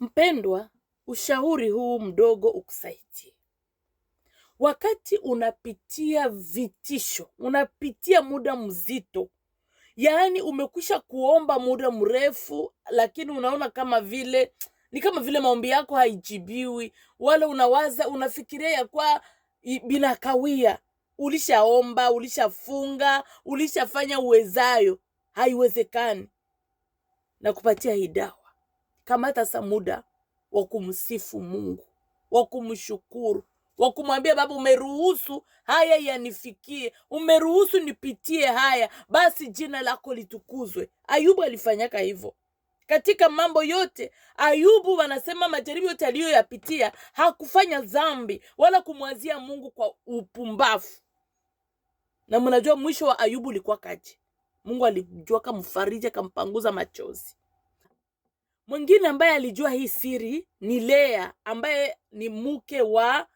Mpendwa, ushauri huu mdogo ukusaidie. Wakati unapitia vitisho, unapitia muda mzito, yaani umekwisha kuomba muda mrefu, lakini unaona kama vile ni kama vile maombi yako haijibiwi, wala unawaza unafikiria ya kwa binakawia ulishaomba, ulishafunga, ulishafanya uwezayo, haiwezekani. Nakupatia hii dawa kamata sa muda wa kumsifu Mungu, wa kumshukuru, wa kumwambia Baba, umeruhusu haya yanifikie, umeruhusu nipitie haya, basi jina lako litukuzwe. Ayubu alifanyaka hivyo katika mambo yote. Ayubu wanasema majaribu yote aliyoyapitia hakufanya dhambi wala kumwazia Mungu kwa upumbavu. Na mnajua mwisho wa Ayubu ulikuwa kaje? Mungu alijua, kamfariji, kampanguza machozi. Mwingine ambaye alijua hii siri ni Lea ambaye ni mke wa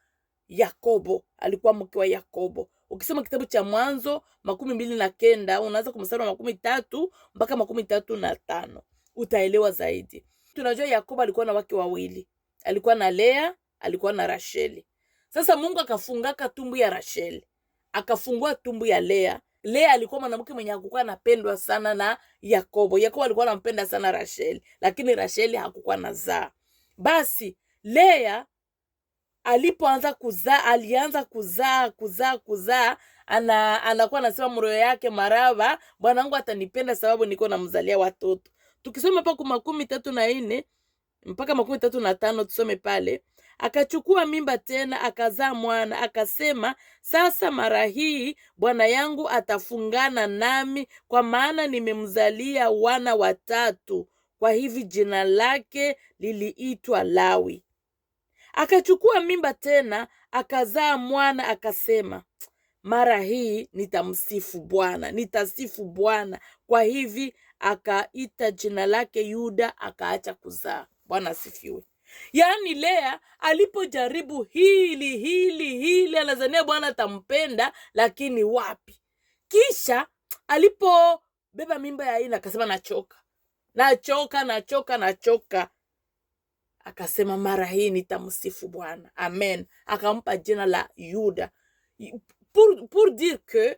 Yakobo, alikuwa mke wa Yakobo. Ukisoma kitabu cha Mwanzo makumi mbili na kenda unaanza kumsara makumi tatu mpaka makumi tatu na tano utaelewa zaidi. Tunajua Yakobo alikuwa na wake wawili, alikuwa na Lea, alikuwa na Rasheli. Sasa Mungu akafungaka tumbu ya Rasheli, akafungua tumbu ya Lea Lea alikuwa mwanamke mwenye hakukuwa anapendwa sana na Yakobo. Yakobo alikuwa anampenda sana Rasheli, lakini Rasheli hakukuwa nazaa. Basi Lea alipoanza kuzaa, alianza kuzaa kuzaa kuzaa, ana anakuwa anasema mroyo yake Maraba, Bwana wangu atanipenda sababu niko namzalia watoto. Tukisoma hapa kwa tatu na nne mpaka makumi tatu na tano tusome pale Akachukua mimba tena akazaa mwana, akasema, sasa mara hii bwana yangu atafungana nami, kwa maana nimemzalia wana watatu. Kwa hivi jina lake liliitwa Lawi. Akachukua mimba tena akazaa mwana, akasema, mara hii nitamsifu Bwana, nitasifu Bwana. Kwa hivi akaita jina lake Yuda, akaacha kuzaa. Bwana asifiwe. Yaani Lea alipojaribu hili hili hili, anazania Bwana atampenda lakini wapi. Kisha alipobeba mimba ya Aina akasema nachoka, nachoka, nachoka, nachoka. Akasema mara hii nitamsifu Bwana, amen. Akampa jina la Yuda pour, pour dire que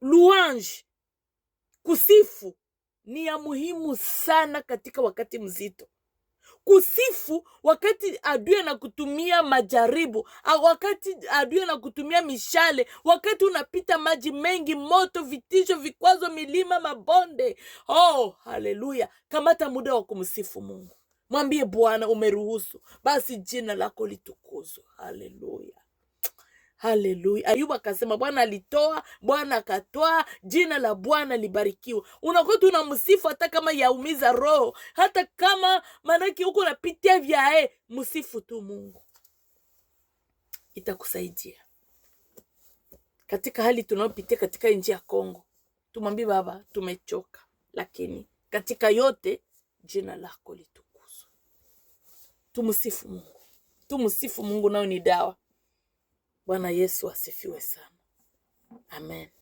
louange, kusifu ni ya muhimu sana katika wakati mzito kusifu wakati adui anakutumia majaribu, wakati adui anakutumia mishale, wakati unapita maji mengi, moto, vitisho, vikwazo, milima, mabonde. Oh, haleluya! Kamata muda wa kumsifu Mungu, mwambie Bwana, umeruhusu basi jina lako litukuzwe. Haleluya. Haleluya! Ayubu akasema Bwana alitoa, Bwana akatoa, jina la Bwana libarikiwe. Unakuta msifu hata kama yaumiza roho, hata kama maanake huko unapitia vyae, eh, msifu tu Mungu, itakusaidia katika hali tunayopitia katika nchi ya Kongo. Tumwambie Baba, tumechoka, lakini katika yote jina lako litukuzwe. Tumsifu Mungu, tumsifu Mungu, nayo ni dawa. Bwana Yesu asifiwe sana. Amen.